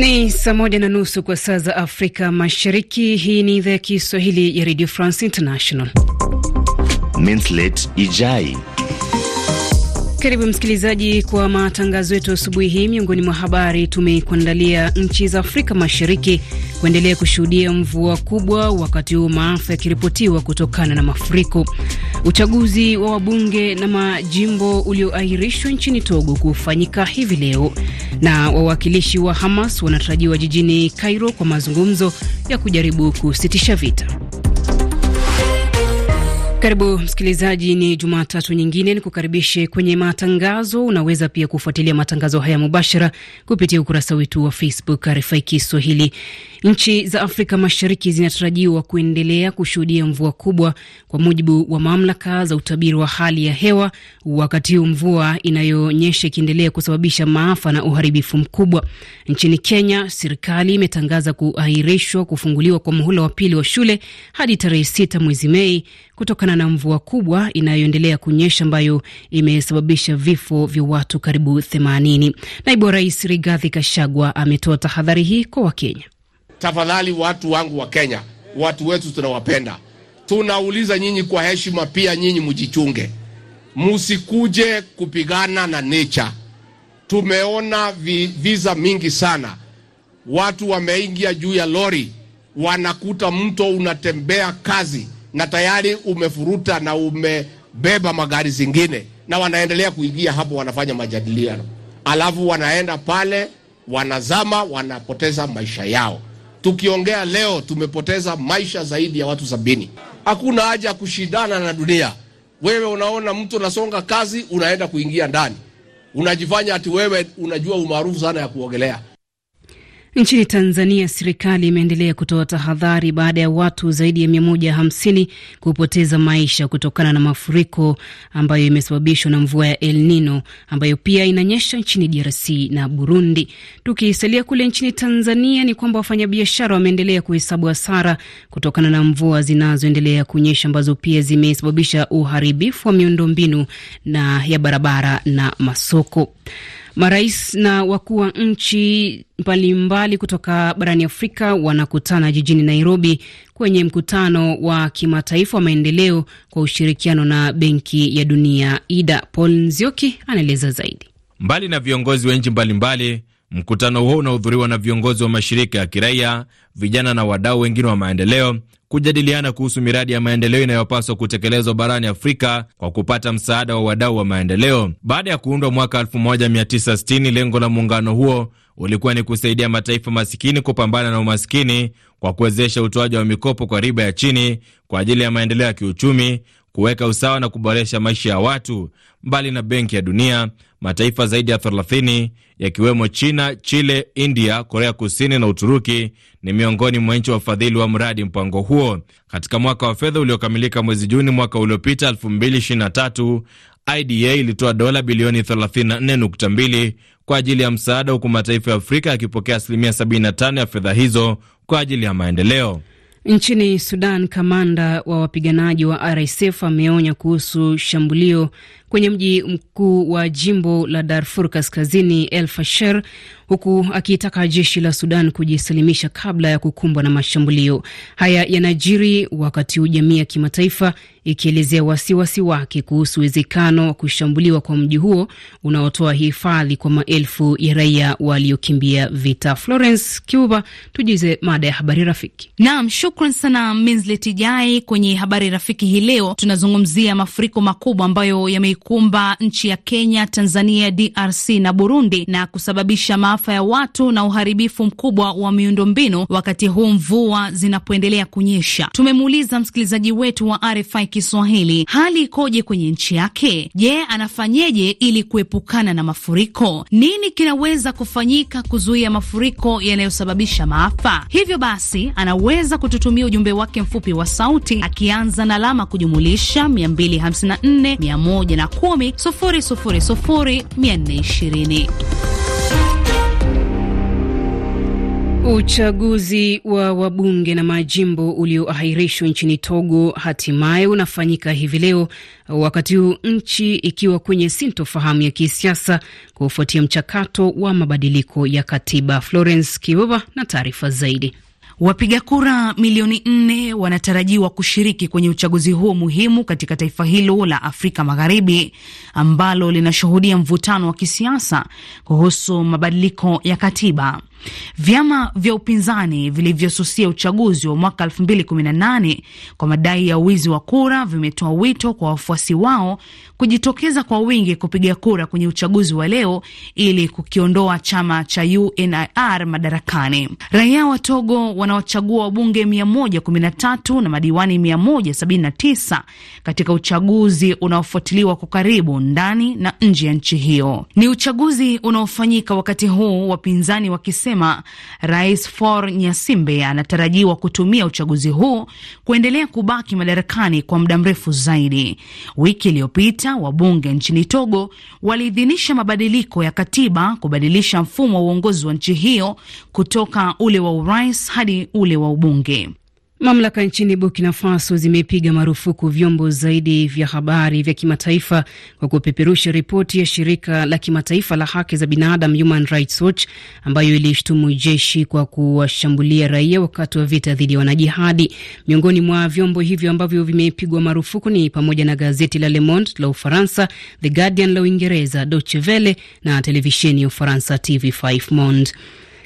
Ni saa moja na nusu kwa saa za Afrika Mashariki. Hii ni idhaa ya Kiswahili ya Radio France International. minslate Ijai karibu msikilizaji kwa matangazo yetu asubuhi hii. Miongoni mwa habari tumekuandalia, nchi za Afrika Mashariki kuendelea kushuhudia mvua kubwa, wakati huo maafa yakiripotiwa kutokana na mafuriko. Uchaguzi wa wabunge na majimbo ulioahirishwa nchini Togo kufanyika hivi leo, na wawakilishi wa Hamas wanatarajiwa jijini Cairo kwa mazungumzo ya kujaribu kusitisha vita. Karibu msikilizaji, ni Jumatatu nyingine, ni kukaribishe kwenye matangazo. Unaweza pia kufuatilia matangazo haya mubashara kupitia ukurasa wetu wa Facebook RFI Kiswahili. Nchi za Afrika Mashariki zinatarajiwa kuendelea kushuhudia mvua kubwa kwa mujibu wa mamlaka za utabiri wa hali ya hewa, wakati huu mvua inayonyesha ikiendelea kusababisha maafa na uharibifu mkubwa. Nchini Kenya, serikali imetangaza kuahirishwa kufunguliwa kwa muhula wa pili wa shule hadi tarehe sita mwezi Mei kutokana na mvua kubwa inayoendelea kunyesha ambayo imesababisha vifo vya watu karibu 80. Naibu wa Rais Rigathi Kashagwa ametoa tahadhari hii kwa Wakenya. Tafadhali watu wangu wa Kenya, watu wetu tunawapenda, tunauliza nyinyi kwa heshima, pia nyinyi mjichunge, musikuje kupigana na nature. Tumeona vi, visa mingi sana, watu wameingia juu ya lori, wanakuta mto unatembea kazi na tayari umefuruta na umebeba magari zingine, na wanaendelea kuingia hapo, wanafanya majadiliano, alafu wanaenda pale, wanazama, wanapoteza maisha yao. Tukiongea leo tumepoteza maisha zaidi ya watu sabini. Hakuna haja ya kushindana na dunia. Wewe unaona mtu unasonga kazi, unaenda kuingia ndani, unajifanya ati wewe unajua umaarufu sana ya kuogelea. Nchini Tanzania, serikali imeendelea kutoa tahadhari baada ya watu zaidi ya 150 kupoteza maisha kutokana na mafuriko ambayo imesababishwa na mvua ya El Nino ambayo pia inanyesha nchini DRC na Burundi. Tukisalia kule nchini Tanzania, ni kwamba wafanyabiashara wameendelea kuhesabu hasara kutokana na mvua zinazoendelea kunyesha ambazo pia zimesababisha uharibifu wa miundombinu na ya barabara na masoko. Marais na wakuu wa nchi mbalimbali kutoka barani Afrika wanakutana jijini Nairobi kwenye mkutano wa kimataifa wa maendeleo kwa ushirikiano na Benki ya Dunia. Ida Paul Nzioki anaeleza zaidi. Mbali na viongozi wa nchi mbalimbali, mkutano huo unahudhuriwa na viongozi wa mashirika ya kiraia, vijana na wadau wengine wa maendeleo kujadiliana kuhusu miradi ya maendeleo inayopaswa kutekelezwa barani Afrika kwa kupata msaada wa wadau wa maendeleo. Baada ya kuundwa mwaka 1960, lengo la muungano huo ulikuwa ni kusaidia mataifa masikini kupambana na umasikini kwa kuwezesha utoaji wa mikopo kwa riba ya chini kwa ajili ya maendeleo ya kiuchumi, kuweka usawa na kuboresha maisha ya watu. Mbali na Benki ya Dunia, mataifa zaidi ya 30 yakiwemo China, Chile, India, Korea Kusini na Uturuki ni miongoni mwa nchi wafadhili wa mradi mpango huo. Katika mwaka wa fedha uliokamilika mwezi Juni mwaka uliopita 2023, IDA ilitoa dola bilioni 34.2 kwa ajili ya msaada, huku mataifa ya Afrika yakipokea asilimia 75 ya fedha hizo kwa ajili ya maendeleo. Nchini Sudan, kamanda wa wapiganaji wa RSF ameonya kuhusu shambulio kwenye mji mkuu wa jimbo la Darfur Kaskazini, El Fasher, huku akiitaka jeshi la Sudan kujisalimisha kabla ya kukumbwa na mashambulio. Haya yanajiri wakati huu jamii ya kimataifa ikielezea wasiwasi wake kuhusu uwezekano wa kushambuliwa kwa mji huo unaotoa hifadhi kwa maelfu ya raia waliokimbia vita. Florence Kiuva, tujize mada ya habari rafiki. Naam, shukran sana Minzletijai. Kwenye habari rafiki hii leo tunazungumzia mafuriko makubwa ambayo yame zilikumba nchi ya Kenya, Tanzania, DRC na Burundi na kusababisha maafa ya watu na uharibifu mkubwa wa miundombinu wakati huu mvua zinapoendelea kunyesha. Tumemuuliza msikilizaji wetu wa RFI Kiswahili hali ikoje kwenye nchi yake. Je, anafanyeje ili kuepukana na mafuriko? Nini kinaweza kufanyika kuzuia mafuriko yanayosababisha maafa? Hivyo basi, anaweza kututumia ujumbe wake mfupi wa sauti akianza na alama kujumulisha 254 110 mia nne ishirini. Uchaguzi wa wabunge na majimbo ulioahirishwa nchini Togo hatimaye unafanyika hivi leo, wakati huu nchi ikiwa kwenye sintofahamu ya kisiasa kufuatia mchakato wa mabadiliko ya katiba. Florence kibova na taarifa zaidi. Wapiga kura milioni nne wanatarajiwa kushiriki kwenye uchaguzi huo muhimu katika taifa hilo la Afrika Magharibi ambalo linashuhudia mvutano wa kisiasa kuhusu mabadiliko ya katiba. Vyama vya upinzani vilivyosusia uchaguzi wa mwaka 2018 kwa madai ya wizi wa kura vimetoa wito kwa wafuasi wao kujitokeza kwa wingi kupiga kura kwenye uchaguzi wa leo ili kukiondoa chama cha UNIR madarakani. Raia wa Togo wanaochagua wabunge 113 na madiwani 179 katika uchaguzi unaofuatiliwa kwa karibu ndani na nje ya nchi hiyo. Ni uchaguzi unaofanyika wakati huu wapinzani wakisema amesema Rais For Nyasimbe anatarajiwa kutumia uchaguzi huu kuendelea kubaki madarakani kwa muda mrefu zaidi. Wiki iliyopita wabunge nchini Togo waliidhinisha mabadiliko ya katiba kubadilisha mfumo wa uongozi wa nchi hiyo kutoka ule wa urais hadi ule wa ubunge. Mamlaka nchini Burkina Faso zimepiga marufuku vyombo zaidi vya habari vya kimataifa kwa kupeperusha ripoti ya shirika la kimataifa la haki za binadamu Human Rights Watch ambayo ilishtumu jeshi kwa kuwashambulia raia wakati wa vita dhidi ya wanajihadi. Miongoni mwa vyombo hivyo ambavyo vimepigwa marufuku ni pamoja na gazeti la Le Monde la Ufaransa, The Guardian la Uingereza, Deutsche Welle na televisheni ya Ufaransa TV5 Monde.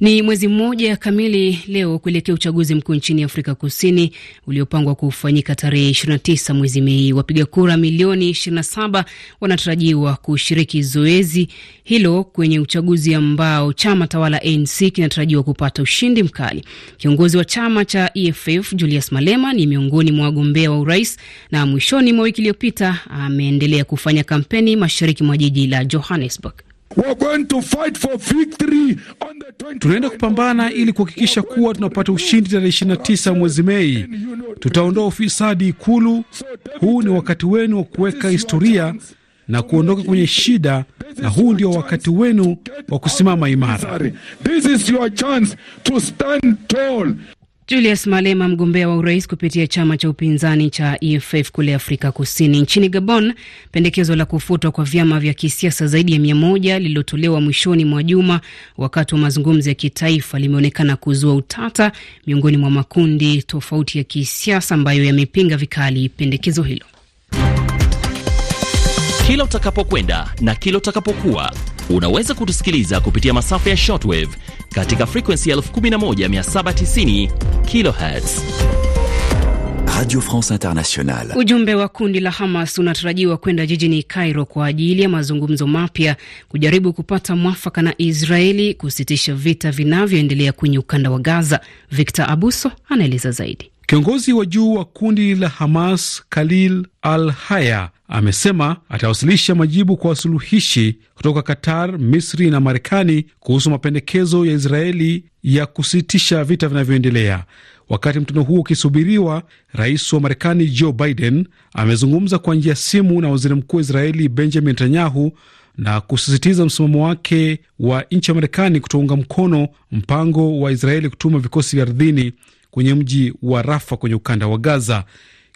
Ni mwezi mmoja kamili leo kuelekea uchaguzi mkuu nchini Afrika Kusini uliopangwa kufanyika tarehe 29 mwezi Mei. Wapiga kura milioni 27 wanatarajiwa kushiriki zoezi hilo kwenye uchaguzi ambao chama tawala ANC kinatarajiwa kupata ushindi mkali. Kiongozi wa chama cha EFF Julius Malema ni miongoni mwa wagombea wa urais, na mwishoni mwa wiki iliyopita ameendelea kufanya kampeni mashariki mwa jiji la Johannesburg. Tunaenda kupambana ili kuhakikisha kuwa tunapata ushindi tarehe 29 mwezi Mei. Tutaondoa ufisadi Ikulu. Huu ni wakati wenu wa kuweka historia na kuondoka kwenye shida, na huu ndio wakati wenu wa kusimama imara. Julius Malema, mgombea wa urais kupitia chama cha upinzani cha EFF kule Afrika Kusini. Nchini Gabon, pendekezo la kufutwa kwa vyama vya kisiasa zaidi ya mia moja lililotolewa mwishoni mwa juma wakati wa mazungumzo ya kitaifa limeonekana kuzua utata miongoni mwa makundi tofauti ya kisiasa ambayo yamepinga vikali pendekezo hilo. Kila utakapokwenda na kila utakapokuwa Unaweza kutusikiliza kupitia masafa ya shortwave katika frequency 11790 kilohertz. Radio France Internationale. Ujumbe wa kundi la Hamas unatarajiwa kwenda jijini Cairo kwa ajili ya mazungumzo mapya kujaribu kupata mwafaka na Israeli kusitisha vita vinavyoendelea kwenye ukanda wa Gaza. Victor Abuso anaeleza zaidi. Kiongozi wa juu wa kundi la Hamas Khalil al-Haya amesema atawasilisha majibu kwa wasuluhishi kutoka Qatar, Misri na Marekani kuhusu mapendekezo ya Israeli ya kusitisha vita vinavyoendelea. Wakati mkutano huo ukisubiriwa, rais wa Marekani Joe Biden amezungumza kwa njia ya simu na waziri mkuu wa Israeli Benjamin Netanyahu na kusisitiza msimamo wake wa nchi ya Marekani kutounga mkono mpango wa Israeli kutuma vikosi vya ardhini kwenye mji wa Rafa kwenye ukanda wa Gaza.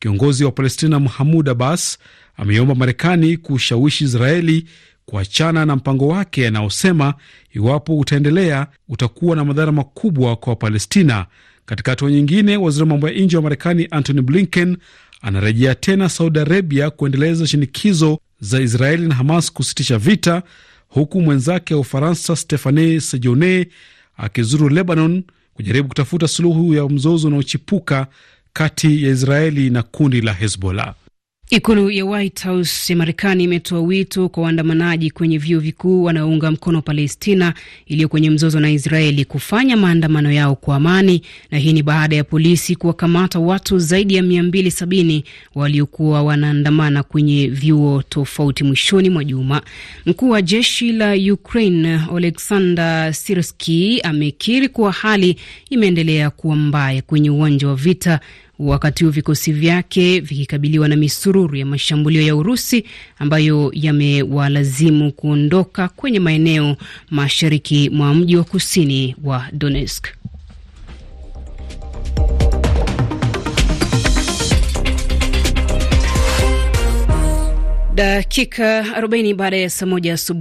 Kiongozi wa Palestina Mahmud Abbas ameomba Marekani kushawishi Israeli kuachana na mpango wake anaosema iwapo utaendelea utakuwa na madhara makubwa kwa Wapalestina. Katika hatua nyingine, waziri wa mambo ya nje wa Marekani Antony Blinken anarejea tena Saudi Arabia kuendeleza shinikizo za Israeli na Hamas kusitisha vita, huku mwenzake wa Ufaransa Stephane Sejourne akizuru Lebanon kujaribu kutafuta suluhu ya mzozo unaochipuka kati ya Israeli na kundi la Hezbollah. Ikulu ya White House ya Marekani imetoa wito kwa waandamanaji kwenye vyuo vikuu wanaounga mkono Palestina iliyo kwenye mzozo na Israeli kufanya maandamano yao kwa amani, na hii ni baada ya polisi kuwakamata watu zaidi ya 270 waliokuwa wanaandamana kwenye vyuo tofauti mwishoni mwa juma. Mkuu wa jeshi la Ukraine Oleksandr Sirski amekiri kuwa hali imeendelea kuwa mbaya kwenye uwanja wa vita wakati huu vikosi vyake vikikabiliwa na misururu ya mashambulio ya Urusi ambayo yamewalazimu kuondoka kwenye maeneo mashariki mwa mji wa kusini wa Donetsk. Dakika 40 baada ya saa moja asubuhi.